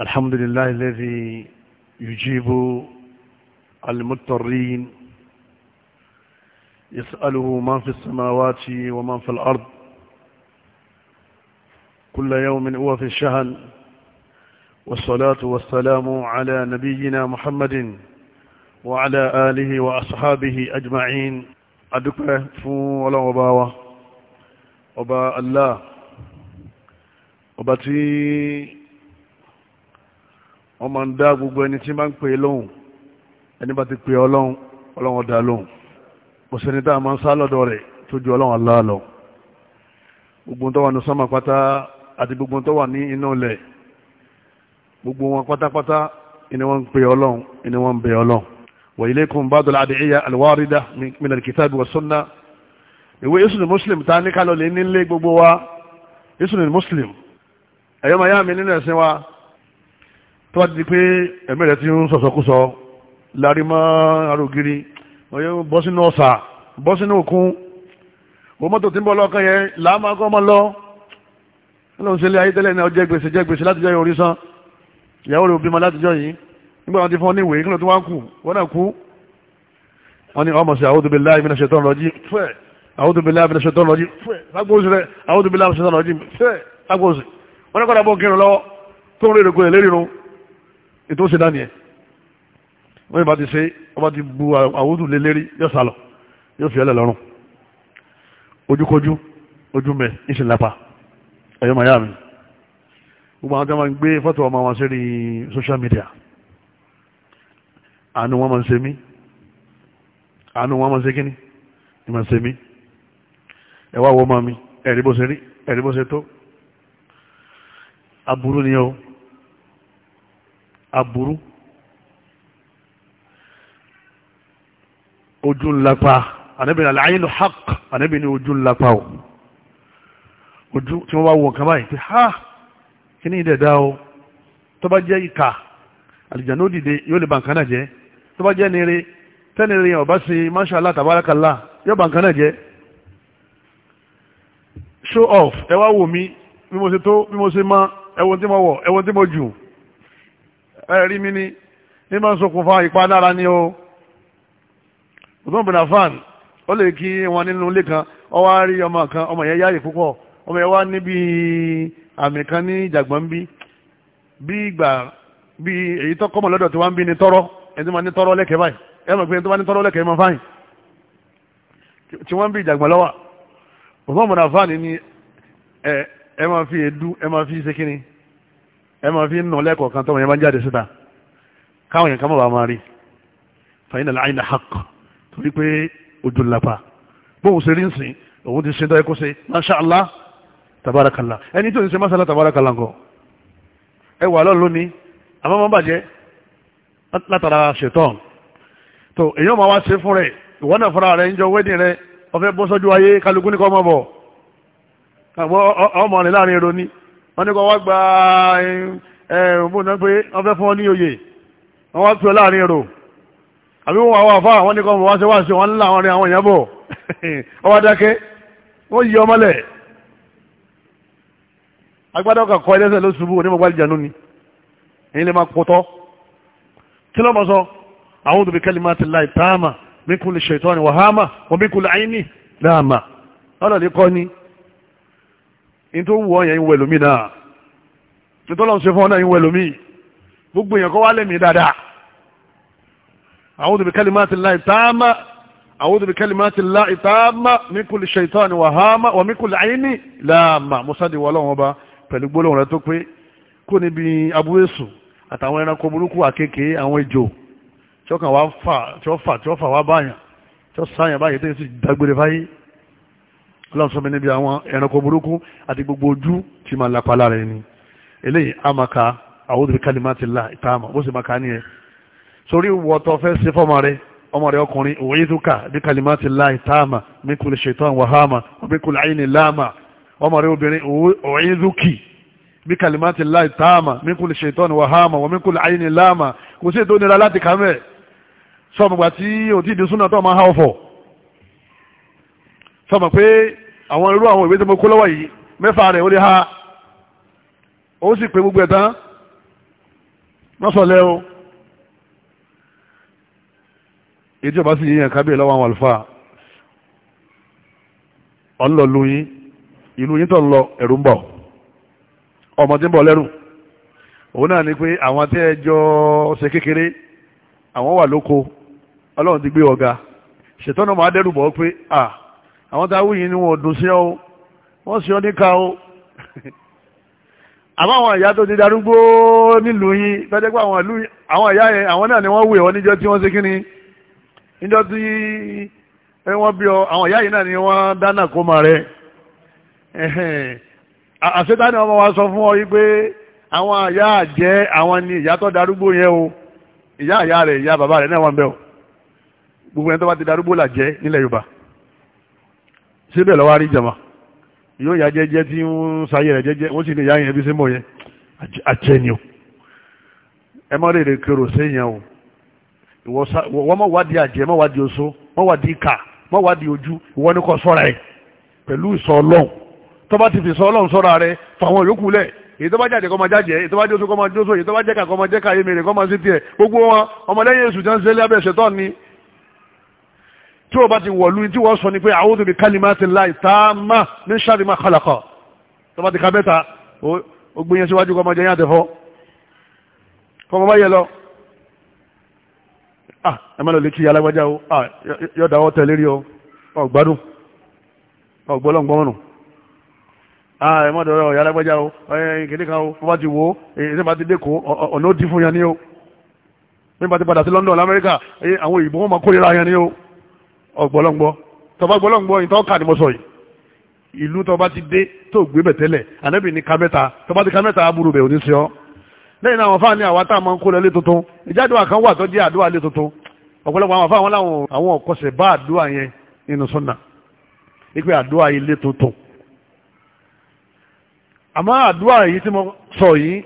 الحمد لله الذي يجيب المضطرين يسأله من في السماوات ومن في الأرض كل يوم هو في الشهن والصلاة والسلام على نبينا محمد وعلى آله وأصحابه أجمعين أدكه فو ولا وباوة وباء الله وباتي wọ́n máa ń dá gbogbo ẹni tí máa ń pè é lóhùn ẹni bá ti pè é ọlọ́hun ọlọ́hun ọ̀dà lóhùn kò sẹ́ni tá a máa ń sá lọ́dọ̀ rẹ̀ tó ju ọlọ́hun Allah lọ gbogbo tó wà ní sánmà pátá àti gbogbo tó wà ní inú ilẹ̀ gbogbo wọn pátápátá ni wọ́n ń pè ọlọ́hun ni wọ́n ń bẹ ọlọ́hun wa ilaykum ba'du al-ad'iyya al-warida min al-kitab wa sunnah ìwé Hisnul Muslim ta ní kálọ̀ lé nílé gbogbo wa Hisnul Muslim ẹ̀yọ́ màyá mi nínú ẹ̀sìn wa tó bá ti di pé ẹ̀mí rẹ̀ ti ń sọ̀sọ̀kúsọ lárí mọ́ arògiri bọ́ sínú ọ̀sà bọ́ sínú òkun bọ́ mọ́tò tí ń bọ́ lọ́kàn yẹn làámà kọ́ mọ́ lọ lọ́n ṣe lé ayé tẹ́lẹ̀ náà jẹ́ gbèsè jẹ́ gbèsè láti jẹ́ orí ìyàwó rẹ̀ bímọ láti jọ nígbà wọn ti fún ọ kí ló tó wá kù wọn náà kú wọn ni ọmọ sí a'udhu billahi minash shaitan rajim fẹ́ a'udhu billahi minash shaitan rajim fẹ́ lágbóòsì rẹ̀ a'udhu billahi minash shaitan rajim fẹ́ lágbóòsì wọn ní kọ́dà bọ́ kírun lọ́wọ́ tó ń rí ìrìnkú ẹ̀ lérí ètò ó ṣe dání ẹ̀ wọ́n yìí bá ti ṣe ọba ti bu àwùjù lé lérí yóò sálọ yóò fi ẹlẹ̀ lọ́rùn ojúkojú ojú mẹ́ ìṣìlápa ẹ̀yọ́ màyá mi gbogbo àwọn tí wọ́n gbé fọ́tò ọmọ wọn sórí social media àánú wọn máa ń ṣe mí àánú wọn máa ń ṣe kíní ni máa ń ṣe mí ẹ̀wá wọ́n máa mi ẹ̀rí bó ṣe rí ẹ̀rí bó ṣe tó aburú ni ó aburú ojú ńlapa ànábì ní al-aynu haqq ànábì ní ojú ńlapa o ojú tí wọ́n bá wọ̀ kàn báyìí pé ha kí ni ìdẹ̀dá o tó bá jẹ́ ìka àlìjànú dìde yóò lè ba nǹkan náà jẹ́ tó bá jẹ́ nire tẹ́nire yẹn ọ̀bá sí masha Allah tabarakallah yóò ba jẹ́ show off ẹ wá wò mí bí mo ṣe tó bí mo ṣe má ẹwọ́n tí mo wọ̀ ẹwọ́n tí mo jù ẹ̀rí mi ní ní máa ń ipa ìpalára ni o ọdún bin ó lè kí wọn nínú ilé kan Ọ wá rí ọmọ kan ọmọ yẹn yáyè púpọ̀ ọmọ yẹn wá níbi àmì kan ní ìjàgbọ́n bí bí ìgbà bí èyí tó kọ́mọ̀ lọ́dọ̀ tí wọ́n bí ní tọ́rọ́ ẹni tó ní tọ́rọ́ lẹ́kẹ̀ẹ́ báyìí pé ẹni tó ní fi ẹ máa fi ṣe ẹ máa fi ń nà lẹ́kọ̀ọ́ kan tọ́wọ́ yẹn máa ń jáde síta káwọn yẹn ká máa bá máa rí fàyínà láàyìn hàk torí pé ojú lápá bóun ṣe rí ń sìn òun ti ṣe ń tọ́ ẹkọ́ ṣe masha allah tabarakallah ẹni tó ń ṣe masala tabarakallah nǹkan ẹ wà lọ́ọ̀ lónìí àmọ́ máa bàjẹ́ látara ṣetán tó èyàn máa wá ṣe fún rẹ̀ ìwọ́n náà fúnra rẹ̀ ń jọ wẹ́dìn rẹ̀ ọ̀fẹ́ bọ́sọ́jú ayé kálukú ní kọ́ mọ́ bọ̀ ọmọ rẹ̀ láàrin èrò ni wọ́n ní kọ́ wá gba ẹ̀rùnbó náà pé wọ́n fẹ́ fún ọ ní oyè wọ́n wá pè ọ láàrin èrò àbí wọ́n wá wà fà wọ́n ní kọ́ wọ́n wá ṣe wọ́n ńlá àwọn àwọn èèyàn bọ̀ dákẹ́ wọ́n yí ọmọlẹ̀ agbádá ẹlẹ́sẹ̀ ló ṣubú onímọ̀gbá ìjànú ni èyí lè máa pọ̀tọ́ kí lọ́mọ sọ a'udhu bi kalimatillahi taama min kulli shaytani wa hama wa min ní tó wù ọ́ yẹn ń wẹ̀ lómi náà ní tó lọ́n ṣe fún ọ náà ń wẹ̀ lómi gbogbo èèyàn kọ́ wá lẹ́mìí dáadáa a'udhu bi kalimati llahi tamma a'udhu bi kalimati llahi tamma min kulli shaytani wa hama wa min kulli ayni laama musadi wà lọ́wọ́ bá pẹ̀lú gbólóhùn rẹ̀ tó pé kó níbi abúrésù àtàwọn ẹranko burúkú àkekèé àwọn ejò tí ó kàn wá fà tí ó fà tí ó fà wá báyàn tí ó sáyàn báyìí tó sì ọlọ́run sọ mi níbi àwọn ẹranko burúkú àti gbogbo ojú tí máa lapa lára ẹni eléyìí a máa ka a'udhu bi kalimatillah ìtaàmà bó sì máa ka ní ẹ sórí wọ́tọ̀ fẹ́ ṣe fọ́mọ rẹ ọmọ rẹ ọkùnrin u'idhuka bi kalimatillah ìtaàmà min kulli shaytan wa hama wa min kulli ayni lama ọmọ rẹ obìnrin u'idhuki bi kalimatillah ìtaàmà min kulli shaytan wa hama wa min kulli ayni lama kò sí ètò ìnira láti kà mẹ́ sọ́ọ̀mùgbà tí òtí ìdí súnà tó máa sọmọ pé àwọn irú àwọn ìwé tó mo kó lọ́wọ́ yìí mẹ́fà rẹ̀ ó lè ha ó sì pé gbogbo ẹ̀tàn mọ́sọ̀lẹ́ o ètò ìbá sì yíyan kábíyè lọ́wọ́ àwọn àlùfáà ọlọ́lu yín ìlú yín tó ń lọ ẹ̀rù ń bọ̀ ọmọ tí ń bọ̀ lẹ́rù òun náà ni pé àwọn tí ẹ jọ ṣe kékeré àwọn wà lóko ọlọ́run ti gbé ọ̀gá ṣètọ́nà máa dẹ́rù bọ̀ pé ah àwọn tá a wúyìn ni wọn ò dùn sí ọ wọn sì ọ níka o àmọ́ àwọn ìyá tó ti darúgbó nílùú yín tọ́jú pé àwọn ìlú àwọn ìyá yẹn àwọn náà ni wọ́n wúyẹ̀ wọ́n níjọ́ tí wọ́n ṣe kí ni níjọ́ tí wọ́n bí ọ àwọn ìyá yìí náà ni wọ́n dáná kó máa rẹ àṣetánì ọmọ wa sọ fún ọ yìí pé àwọn ìyá àjẹ́ àwọn ni ìyá tó darúgbó yẹn o ìyá ìyá rẹ̀ ìyá bàbá rẹ̀ náà wọ́n bẹ́ẹ̀ o gbogbo ẹni tó bá ti darúgbó là jẹ́ nílẹ̀ Yorùbá síbẹ̀ lọ́wọ́ rí jama yóò ya jẹ́jẹ́ tí ń sáyé rẹ̀ jẹ́jẹ́ wọ́n sì lè yáyìn ẹbí símọ̀ yẹn àjẹni o ẹ má rèrè kérò séyàn o wọ́n mọ̀ wádìí àjẹ́ mọ̀ wádìí oṣó mọ̀ wádìí ìka mọ̀ wádìí ojú ìwọ ni kò sọ́ra ẹ̀ pẹ̀lú ìsọ ọlọ́run tó bá ti fi sọ sọ́ra rẹ̀ fàwọn yòókù lẹ̀ èyí tó bá jáde kọ́ tí wọ́n bá ti wọ̀lú tí wọ́n sọ ni pé a'udhu bi kalimati llahi tamma min sharri ma khalaqa tó bá ti ka bẹ́ta ó gbé yẹn síwájú kọ́ jẹyàn àtẹ̀fọ́ kọ́ bá yẹ lọ ah ẹ má lọ lè kí alágbájá o ah yọ̀dà ọ̀ tẹ̀lé rí o ọ̀gbádùn ọ̀gbọ́lọ́gbọ́nù ah ẹ o o wọ́n bá ti ni o bí wọ́n bá ti padà sí London lamẹ́ríkà àwọn òyìnbó wọn máa kórìíra yẹn ni o ọgbọ́lọ́gbọ́ tọba gbọ́lọ́gbọ́ ìtọ́ kà ní mo sọ yìí ìlú tọba ti dé tó gbé bẹ̀ tẹ́lẹ̀ ànábì ní ka mẹ́ta tọba ti ka mẹ́ta aburú bẹ̀ òní sọ lẹ́yìn àwọn fáwọn ní àwa tá a máa ń kó lọ ilé tuntun ìjádùá kan wà tó jẹ́ àdúrà ilé tuntun ọ̀pọ̀lọpọ̀ àwọn fáwọn láwọn àwọn ọ̀kọ̀sẹ̀ bá àdúrà yẹn nínú sọ́nà ipe àdúrà ilé tuntun àmọ́ àdúrà yìí tí mo sọ yìí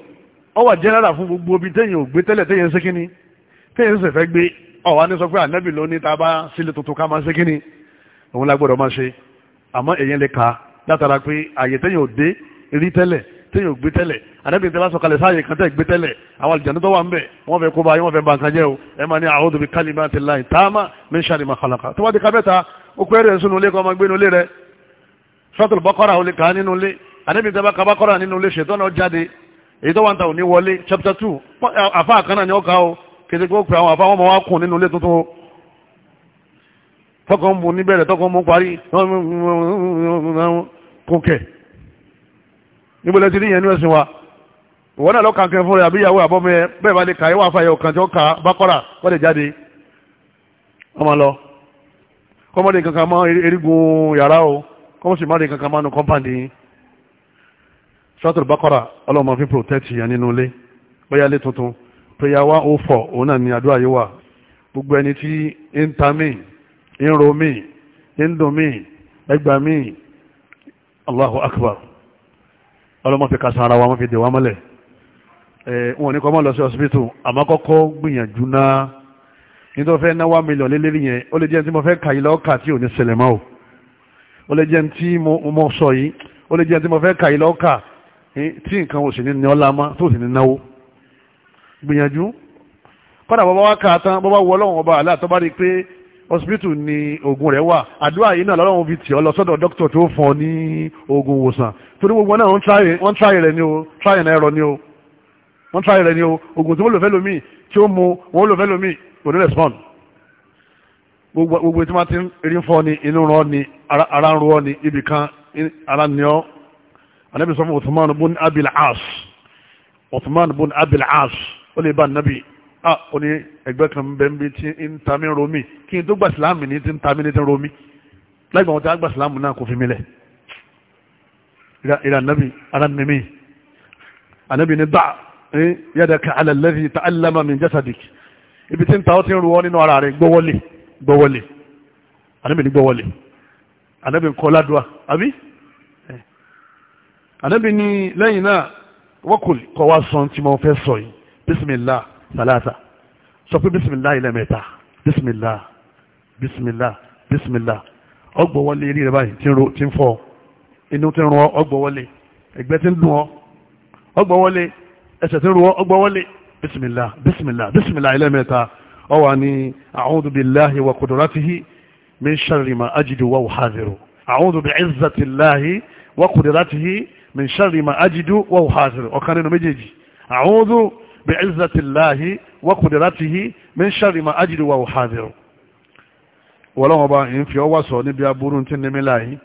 ó wà jẹ́nẹ́rà fún gbogbo ibi téèyàn ò gbé tẹ́lẹ̀ téèyàn ń sé kíní téèyàn ń sèfẹ́ gbé ọ̀wá ní sọ pé ànábì ló ní tá sílé tuntun ká máa ṣe kí ni òun lágbọ́dọ̀ máa ṣe àmọ́ èyàn lè ka látara pé àyè téèyàn ò dé rí tẹ́lẹ̀ téèyàn ò gbé tẹ́lẹ̀ ànábì tẹ́ bá sọ kalẹ̀ sáàyè kan tẹ́ gbé tẹ́lẹ̀ àwọn àlùjànnú tó wà ń bẹ̀ wọ́n fẹ́ kó bá yín wọ́n fẹ́ ba nǹkan jẹ́ o ẹ máa ní a'udhu bi kalimatillahi taama min sharri ma khalaqa tó bá ti ka mẹ́ta ó pẹ́ rẹ̀ sínú ilé kan máa gbé inú ilé rẹ̀ suratul baqara ó lè kà á nínú ilé ànábì tẹ́ bá ka nínú ilé ṣètọ́nà jáde èyí tó wà ń ta òní wọlé chapter two àfa àkànnà ni ó ka o kété kó pe àwọn àfáwọn ọmọ wa kùn nínú ilé tuntun tọkàn mú níbẹ̀rẹ̀ tọkàn mú parí kókè níbo lẹ́tí níyẹn ní ẹ̀sìn wa ìwọ náà lọ́kàn kẹfún rẹ̀ àbíyàwó àbọ́mọ ẹ bẹ́ẹ̀ bá lè kà ẹwà fàyẹ̀ ọ̀kan tí ó kà bákọ́rà kọ́dẹ̀ jáde ọmọ lọ kọ́mọdé kankan mọ́ erigun yàrá o kọ́mọsí má lè kankan mọ́ nu kọ́mpáǹdì sọ́tò bákọ́rà ọlọ́mọ fi protect yẹn nínú ilé bóyá ilé tuntun prayer 104 òun náà ni àdúrà yìí gbogbo ẹni tí ń ta mí ń ro mí ń dùn mí ẹgbà mí Allahu Akbar ọlọ́mọ fi kásán ara wa wọ́n fi dè wá mọ́lẹ̀ wọn ní kọ́ mọ́ lọ sí gbìyànjú náà fẹ́ lélẹ́rìí yẹn ó lè jẹ́ tí mo fẹ́ ní ṣẹlẹ̀ mọ́ o ó lè jẹ́ tí mo sọ yìí ó lè jẹ́ tí mo gbìyànjú kọ́dà bọ́bá wá káà tán bọ́bá wọ ọlọ́run ọba àlá rí pé hospital ni oògùn rẹ̀ wà àdúrà yìí náà lọ́rùn fi tì ọ́ lọ sọ́dọ̀ dókítà tó fún ọ ní oògùn ìwòsàn torí gbogbo náà wọ́n tráyè rẹ̀ ni o tráyè náà ẹ̀rọ ni o wọ́n tráyè rẹ̀ ni o oògùn tí wọ́n lò fẹ́ lomi tí ó mu wọ́n lò fẹ́ lomi kò ní respond gbogbo tí wọ́n ti ń rí fọ́ ni inú rán ni ara ń rọ́ ni ibì kan ara ni ọ́ anábìsọ́fún Uthman bun Abil As Uthman bun Abil As ó lè bá nàbì ah ó ní ẹgbẹ́ kan bẹ́ẹ̀ bí ti ń ta mí romi kí n tó gba sílámù ní ti ń ta mí ní ti ń romi láìpẹ́ wọn ti gba sílámù náà kò fi mí lẹ̀ ìrà nàbì ara mímí ànàbì ní dá yadaka ala alladhi ta'allama min jasadik ibi tí ń ta ó ti ń ruwọ́ nínú ara rẹ̀ gbọ́wọ́lẹ̀ gbọ́wọ́lẹ̀ ànàbì ní gbọ́wọ́lẹ̀ ànàbì ń kọ́ ládùá àbí ànàbì ní lẹ́yìn náà wọ́kùl kọ́ wá sọ tí mo fẹ́ sọ yìí bisimilá salasa sọ pé bisimilá ilẹ̀ mẹ́ta bisimilá bisimilá bisimilá ọgbọ̀ wọlé eré rẹ báyìí tí ń fọ inú tí ń rún ọ ọgbọ̀ wọlé ẹgbẹ́ tí ń dùn ọ ọgbọ̀ wọlé ẹsẹ̀ tí ń rún ọ ọgbọ̀ wọlé bisimilá bisimilá bisimilá ilẹ̀ mẹ́ta ọ wà ní a'udhu billahi wa qudratihi min sharri ma ajidu wa uhadhiru a'udhu bi'izzati llahi wa qudratihi min sharri ma ajidu wa uhadhiru ọ̀kan nínú méjèèjì a'udhu bi izzatillahi wa qudratihi min sharri ma ajidu wa uhadhiru wọ́lọ́wọ́ bá ń fi ọwọ́ sọ níbi aburú tí ní mi láyé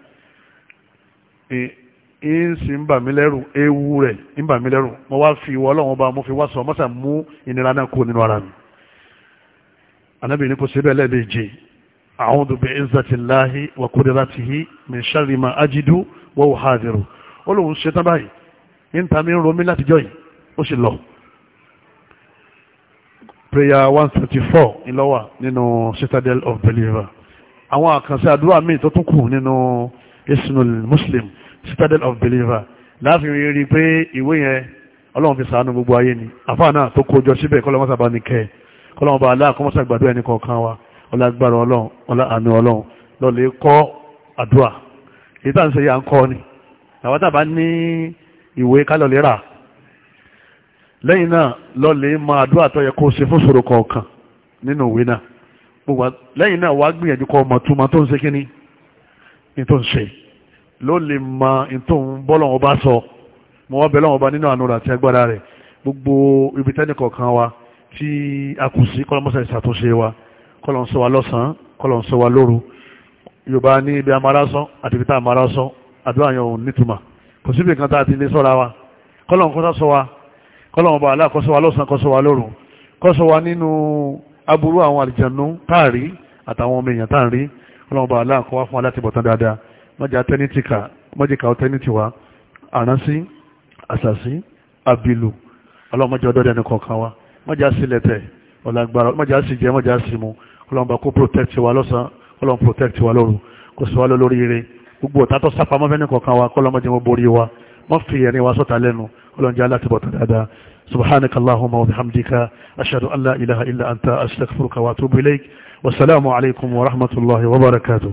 ń sì ń bà mí lẹ́rù ewu rẹ̀ ń bà mí lẹ́rù mo wá fi ìwọ ọlọ́wọ́ bá mo fi wá sọ mọ́sà mú ìnira náà kú nínú ara mi anábì ní kò síbẹ̀ lẹ́ẹ̀mejì a'udhu bi izzatillahi wa qudratihi min sharri ma ajidu wa uhadhiru ó lóun ṣetán báyìí ń ta mi ń romí látijọ́ yìí ó sì lọ prayer one twenty four ńlọ́wà nínú citadel of believer àwọn àkànṣe àdúrà míì tó tún kù nínú isnul muslim citadel of believer láàfin rí i pé ìwé yẹn ọlọ́run fi sàánú gbogbo ayé ni àfáà náà tó kó jọ síbẹ̀ kọ́lọ́ mọ́sàbá ní kẹ́ kọ́lọ́ mọ́sàbá aláàkọ́mọ́sà gbàdúrà ẹni kọ̀ọ̀kan wa ọlágbára ọlọ́run ọlá àmì ọlọ́run lọ́lẹ̀ kọ́ àdúrà èyí tá à ń ṣe yà ń kọ́ ni àwọn tàbá ní ìwé kálọ̀lẹ́rà lẹ́yìn náà lọ́lẹ̀ máa àdúrà tó yẹ kó ṣe fún ṣòro kọ̀ọ̀kan nínú ìwé náà gbogbo lẹ́yìn náà wá gbìyànjú kọ́ ọmọ túmọ̀ tó ń ṣe kíní ní tó ń ṣe ló lè mọ ìtò ń bọ́lọ̀ ọba sọ mo wá bẹ̀lọ́ ọba nínú àánú rẹ̀ àti agbára rẹ̀ gbogbo ibi tẹ́nì kọ̀ọ̀kan wa tí a kù sí kọ́lọ́mọ́sà ìṣàtúnṣe wa kọ́lọ́nsọ wa lọ́sàn-án kọ́lọ́nsọ wa lóru yorùbá ní ibi amárásán àti ibi tá amárásán àdúrà sọ wa kọ́lọ́wọ́n bá aláàkọ́sọ́ wa lọ́sàn kọ́sọ́ wa lọ́rùn kọ́sọ́ wa nínú aburú àwọn àlìjànú táàrí àtàwọn ọmọ èèyàn táàrí kọ́lọ́wọ́n bá aláàkọ́ wa fún alátìbọ̀tán dáadáa mọ́jà tẹ́nítìkà mọ́jìkà tẹ́nítì wa àránsí àṣàṣí àbìlù ọlọ́mọjọ́ ọdọ́dẹ ní kọ̀ọ̀kan wa mọ́jà sílẹ̀tẹ̀ ọ̀làgbára mọ́jà protect wa lọ́sàn protect wa lóru kó sọ wa lórí ire gbogbo ọ̀tá tó مصري يعني واسط علينا ولو جاء لا تبطل هذا سبحانك اللهم وبحمدك أشهد أن لا إله إلا أنت أستغفرك وأتوب إليك والسلام عليكم ورحمة الله وبركاته